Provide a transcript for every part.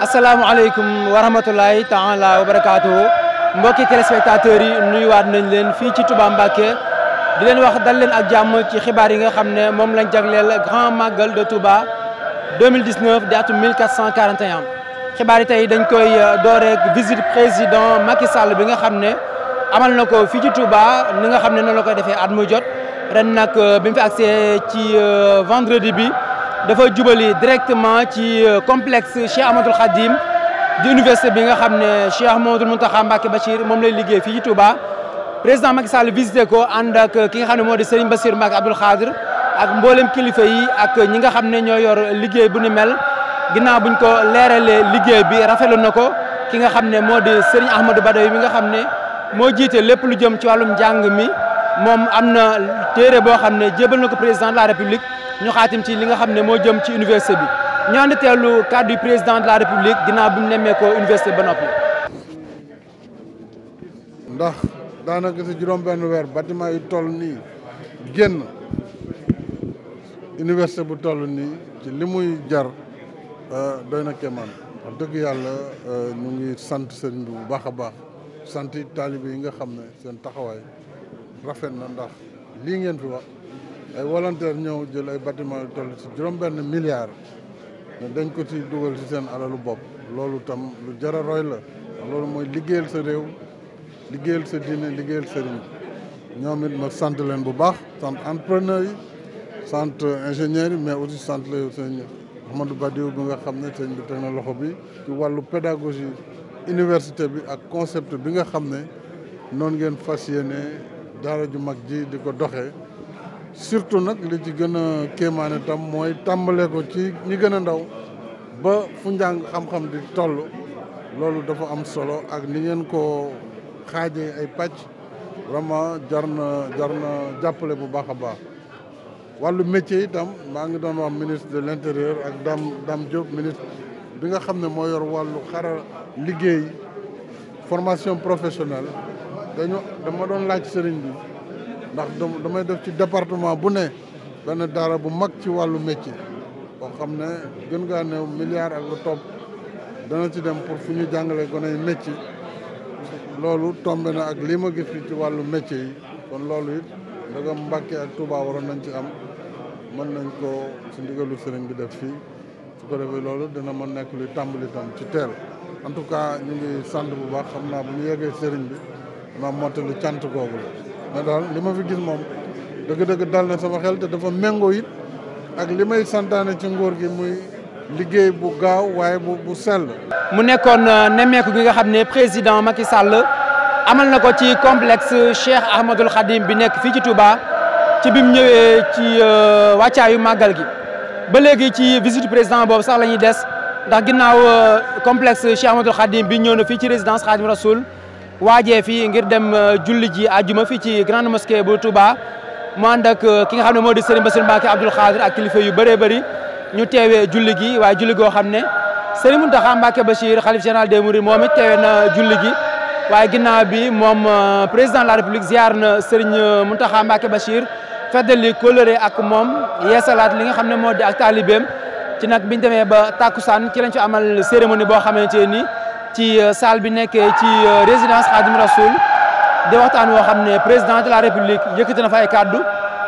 asalaamaaleykum wa rahmatulahi taala wa barakaatuhu mbokki téléspectateurs yi nuyuwaat nañ leen fii ci Touba Mbacké di leen wax dal leen ak jàmm ci xibaar yi nga xam ne moom lañ jagleel grand magal de Touba 2019 di atum 1441 xibaar yi tey dañ koy euh, dooreek visite président Macky Sall bi nga xam ne amal na ko fii ci Touba ni nga xam ne noonu la koy defee at mu jot ren nag euh, bi mu fi agsee ci euh, vendredi bi dafa jubali directement ci euh, complexe Cheikh Ahmadoul Khadim di université bi nga xam ne Cheikh Mouhamadoul Mountakha Mbacké Bachir moom lay liggéey fii ci Touba président Macky Sall visité ko ànd ak euh, ki nga xam ne moo di Serigne Bassirou Mbacké Abdoul Khadir ak mboolem kilifa yi ak ñi nga xam ne ñoo yor liggéey bu nu mel ginnaaw buñ ko leeralee liggéey bi rafetlu na ko ki nga xam ne moo di Serigne Ahmadou Badawi mi nga xam ne moo jiite lépp lu jëm ci wàllum njàng mi moom am na téere boo xam ne jébal na ko président la République ñu xaatim ci li nga xam ne moo jëm ci université bi ñu ànd teelu cadre du président de la république ginnaaw bi mu nemmee ko université ba noppi. ndax daanaka si juróom-benn weer bâtiment yu toll nii génn université bu toll nii ci li muy jar euh, doy na kéemaan wax dëgg yàlla euh, ñu ngi sant sëriñ bu baax a baax sant taalibe yi nga xam ne seen taxawaay rafet na ndax lii ngeen fi wax. ay volontaire ñëw jël ay batiment yu toll ci juróom-benn milliard ne dañ ko ci dugal ci seen alalu bopp loolu tam lu jar a roy la loolu mooy liggéeyal sa réew liggéeyal sa diine liggéeyal sëriñ ñoom it ma sant leen bu baax sant entrepreneur yi sant ingénieurs yi mais aussi sant la sëñ Ahmadou Badiou bi nga xam ne sëñ bi teg na loxo bi ci wàllu pédagogie université bi ak concept bi nga xam ne noonu ngeen fas yéene daara ju mag ji di ko doxee surtout nag li ci gën a kéemaane tam mooy tàmbale ko ci ñi gën a ndaw ba fu njàng xam-xam di toll loolu dafa am solo ak ni ngeen ko xaajee ay pàcc vraiment jar na jar jàppale bu baax a baax wàllu métier itam maa ngi doon wax ministre de l'intérieur ak Dame Dame Diop ministre bi nga xam ne moo yor wàllu xara liggéey formation professionnelle dañoo dama doon laaj sëriñ bi ndax damay def ci département bu ne benn daara bu mag ci wàllu métier boo xam ne gën ngaa néew milliard ak lu topp dana ci dem pour fu ñu jàngale gone yi métier loolu tombe na ak lii ma gis fi ci wàllu métier yi kon loolu it daga Mbàkke ak Touba waroon nañ ci am mën nañ ko ci ndigalu sëriñ bi def fii su ko defee loolu dana mën nekk luy tàmbali tam ci teel en tout cas ñu ngi sant bu baax xam naa bu ñu yeggee sëriñ bi dama mottali cant googu mais daal li ma fi gis moom dëgg-dëgg dal na sama xel te dafa méngoo it ak li may santaane ci nguur gi muy liggéey bu gaaw waaye bu bu sell. mu nekkoon euh, nemmeeku gi nga xam ne président Macky sàll amal na ko ci complexe Cheikh Ahmadoul Khadim bi nekk fii ci Touba ci bi mu ñëwee ci euh, wàccaayu màggal gi ba léegi ci visit président boobu sax la ñuy des ndax ginnaaw euh, complexe Cheikh Ahmadoul Khadim bi ñëw na fii ci résidence Khadim Rasoul waajee fii ngir dem euh, julli ji a juma fii ci grande mosquée bu Touba mu ànd ak euh, ki nga xam ne moo di Serigne Bassirou Mbacké Abdoul Khadir ak kilifa yu bëree bëri ñu teewe julli gi waaye julli goo xam ne Serigne Mountakha Mbacké Bachir xalif général des Mourides moom it teewee na julli gi waaye ginnaaw bi moom euh, président de la république ziar na Serigne Mountakha Mbacké Bachir feddali kóllëre ak moom yeesalaat li nga xam ne moo di ak taalibeem ci nag biñ demee ba tàkkusaan ci lañ fi amal cérémonie boo xamante nii ci euh, salle bi nekkee ci euh, résidence Khadim Rasoul di waxtaan woo xam ne président de la république yëkkati na fa ay kàddu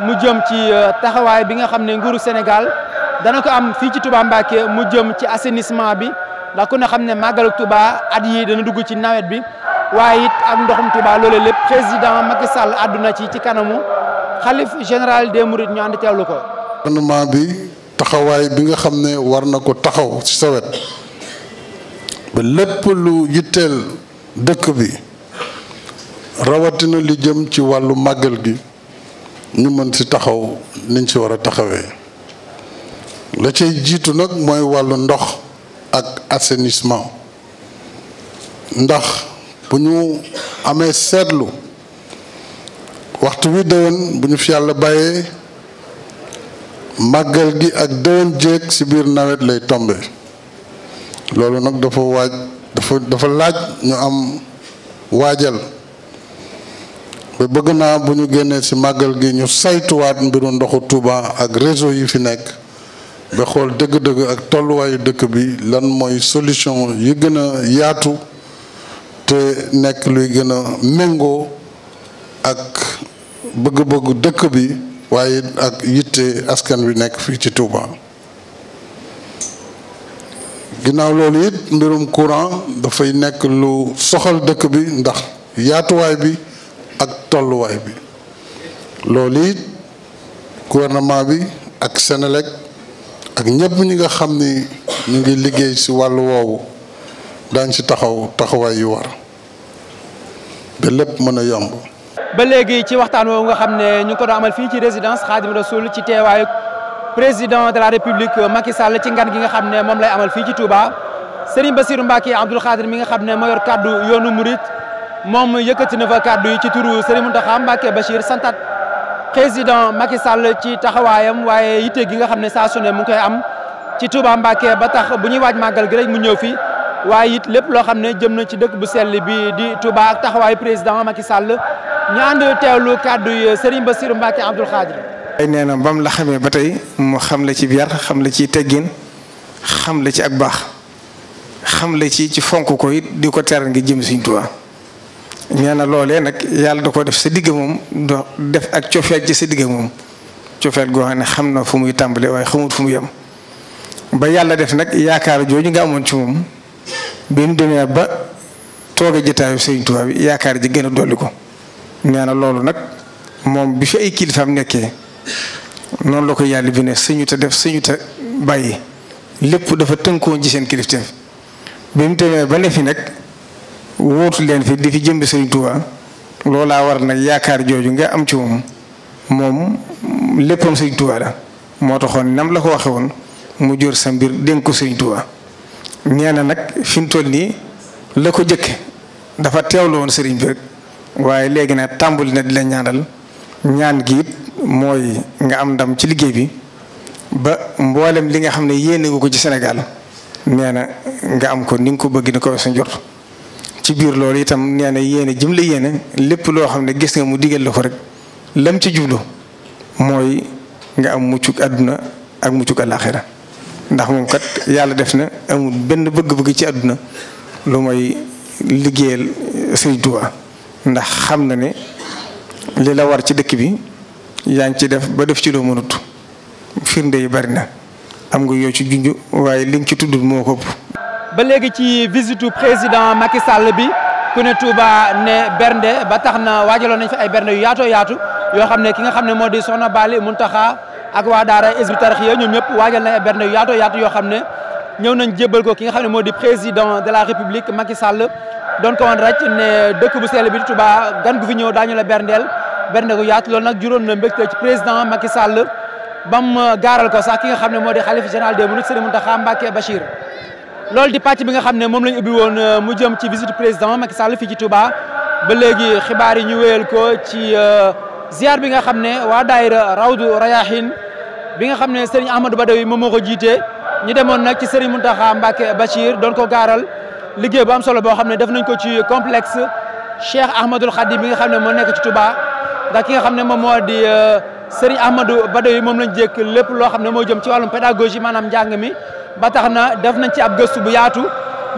mu jëm ci euh, taxawaay bi nga xam ne nguuru Sénégal dana ko am fii ci Touba Mbacké mu jëm ci assainissement bi ndax ko ne xam ne màggalu Touba at yi dana dugg ci nawet bi waaye it ak ndoxum Touba loolee lépp président Macky Sall àdduna ci ci kanamu xalif général des Mourides ñu ànd teewlu ko. bi taxawaay bi nga xam ne war na ko taxaw ci sa ba lépp lu yitteel dëkk bi rawatina li jëm ci wàllu màggal gi ñu mën ci taxaw niñ ci war a taxawee la cay jiitu nag mooy wàllu ndox ak assainissement ndax bu ñu amee seetlu waxtu wi déwén bu ñu fi yàlla bàyyee màggal gi ak déwén jéeg ci biir nawet lay tombe loolu nag dafa waaj dafa dafa laaj ñu am waajal ba bëgg naa bu ñu génnee ci màggal gi ñu saytuwaat mbiru ndoxu Touba ak réseau yi fi nekk ba xool dëgg-dëgg ak tolluwaayu dëkk bi lan mooy solution yi gën a yaatu te nekk luy gën a méngoo ak bëgg-bëggu dëkk bi waaye ak yitte askan wi nekk fii ci Touba. ginnaaw loolu it mbirum courant dafay nekk lu soxal dëkk bi ndax yaatuwaay bi ak tolluwaay bi loolu it gouvernement bi ak Senelec ak ñëpp ñi nga xam ni ñu ngi liggéey ci wàll woowu daañ ci taxaw taxawaay yu war ba lépp mën a yomb. ba léegi ci waxtaan woowu nga xam ne ñu ngi ko doon amal fii ci résidence Khadim Rasoul ci teewaayu. président de la république euh, Macky Sall ci ngan gi nga xam ne moom lay amal fii ci Touba Serigne Bassirou Mbacké Abdoul Khadir mi nga xam ne moo yor kaddu yoonu Mouride moom yëkkati na fa kaddu yi ci turu Serigne Mountakha Mbacké Bachir santat président Macky Sall ci taxawaayam waaye yitte gi nga xam ne saa su ne mu koy am ci Touba Mbacké ba tax bu ñuy waaj màggal gi rek mu ñëw fi waaye it lépp loo xam ne jëm na ci dëkk bu sell bi di Touba ak taxawaayu président Macky Sall ànd teewlu kaddu yi Serigne Bassirou Mbacké Abdoul Khadir waaye nee na la xamee ba tey mu xam la ci yar xam la ci teggin xam la ci ak baax xam la ci ci fonk ko it di ko teral ngi jëm Sëriñ Tuubaa na loolee nag yàlla da ko def sa digg moom do def ak cofeet ci sa digg moom cofeet goo xam ne xam na fu muy tàmbali waaye xamut fu muy yem ba yàlla def nag yaakaar jooju nga amoon ci moom bi mu demee ba tooge jotaayu Sëriñ Tuubaa bi yaakaar ji gën a dolli ko nee na loolu nag moom bi fi ay kilifaam nekkee noonu la ko yàlla bi ne suñu def suñu te bàyyi lépp dafa tënkoon ci seen kilifteef bi mu demee ba ne fi nag wóotu leen fi di fi jëmbi Sëriñ Tuubaa loolaa war nag yaakaar jooju nga am ci moom moom léppam Sëriñ la moo taxoon nam la ko waxe woon mu jor sa mbir dénk ko Sëriñ nee na nag fi mu toll nii la ko jëkke dafa teewlu woon sëriñ bi waaye léegi nag tàmbali na di la ñaanal ñaan gi mooy nga am ndam ci liggéey bi ba mboolem li nga xam ne yéene nga ko ci Sénégal nee na nga am ko ni nga ko bëgg ni ko sa njort ci biir loolu itam nee na yéene jëm la yéene lépp loo xam ne gis nga mu digal la ko rek lam ci jublu mooy nga am muccuk àdduna ak muccuk àllaaxira ndax moom kat yàlla def na amul benn bëgg-bëgg ci àdduna lu mooy liggéeyal Sëriñ ndax xam na ne li la war ci dëkk bi yaa ngi ci def ba def ci loo mënut firnde yi bari na am nga yooyu ci junj waaye liñ ci tudd moo ko ba léegi ci visitu président Macky Sall bi ku ne Touba ne bernde ba tax na waajaloon nañ fi ay bernde yu yaato yaatu yoo xam ne ki nga xam ne moo di Soxna Bali Muntaxa ak waa Daara Hizbut Tarqiyyah ñoom ñëpp waajal nañ ay bernde yaatu yoo xam ne ñëw nañ jébbal ko ki nga xam ne moo di président de la République Macky Sall doon ko woon rek ne dëkk bu sell bi di Touba gan gu fi ñëw daañu la berndeel. bernde gu yaatu loolu nag juróom na mbégte ci président Macky Sall bam uh, gaaral ko sax ki nga xam ne moo di xalifa général des mourides Serigne Mountakha Mbacké Bachir loolu di pàcc bi nga xam ne moom lañ ubbi woon uh, mu jëm ci visite président Macky fi fii ci Touba ba léegi xibaar yi ñu wéyal ko ci uh, ziar bi nga xam ne waa daayira Rawdu Rayahin bi nga xam ne Serigne Ahmadou Badawi moom moo ko jiite ñu demoon nag ci Serigne Mountakha Mbacké Bachir doon ko gaaral liggéey bu solo boo xam ne def nañ ko ci complexe Cheikh Ahmadoul Khadim bi nga xam ne moo nekk ci Touba ndax ki nga xam ne moom moo di euh, Serigne Ahmadou Badoy moom nañ jékk lépp loo xam ne moo jëm ci wàllum pédagogie maanaam njàng mi ba tax na def nañ ci ab gëstu bu yaatu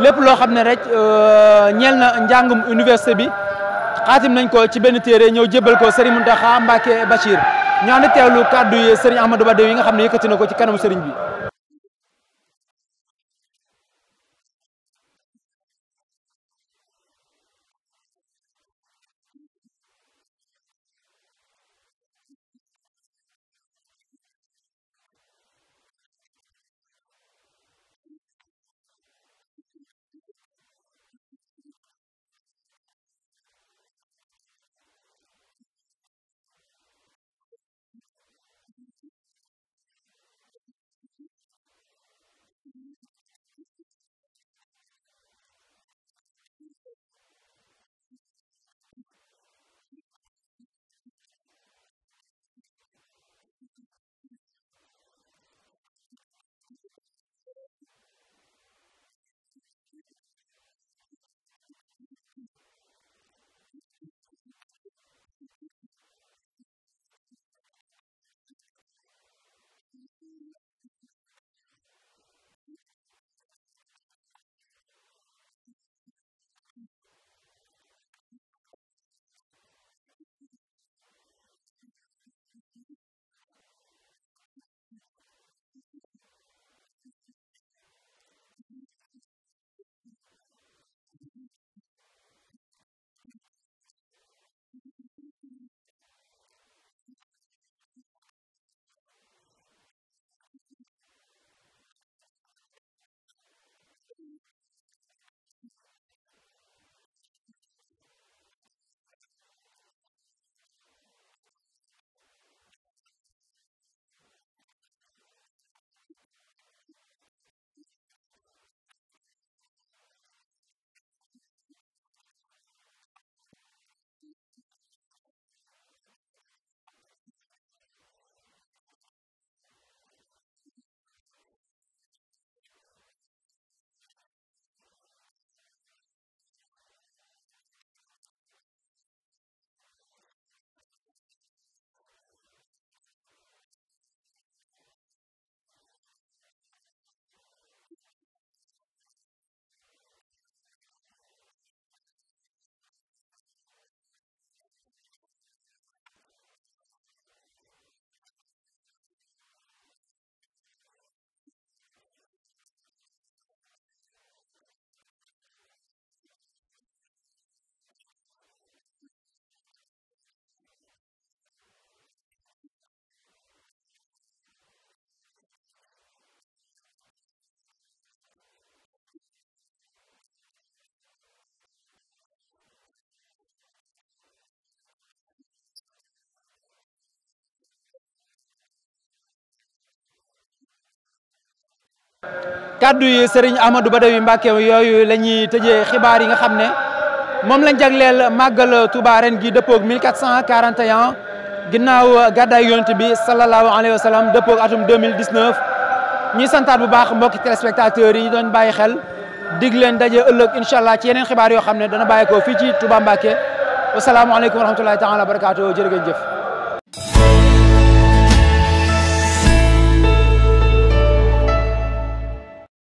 lépp loo xam ne rek euh, ñeel na njàngum université bi xaatim nañ ko ci benn téere ñëw jébbal ko Serigne Mountakha Mbacké Bachir ñoo ànd teewlu kàddu yi Serigne Ahmadou Badoy yi nga xam ne yëkkati na ko ci kanamu Serigne bi kaddu yi Serigne Ahmadou Badawi Mbacke yooyu la ñuy tëjee xibaar yi nga xam ne moom lañ jagleel màggal Touba ren gi dëppoog 1441 ginnaaw gàddaay yonent bi sallallahu alayhi wa sallam dëppoog atum 2019 ñuy santaat bu baax mbokki téléspectateurs yi ñu doon bàyyi xel dig leen daje ëllëg incha allah ci yeneen xibaar yoo xam ne dana bàyyeekoo fi ci Touba Mbacke wasalaamualeykum wa rahmatullahi taala wa barakaatu jërë ngeen jëf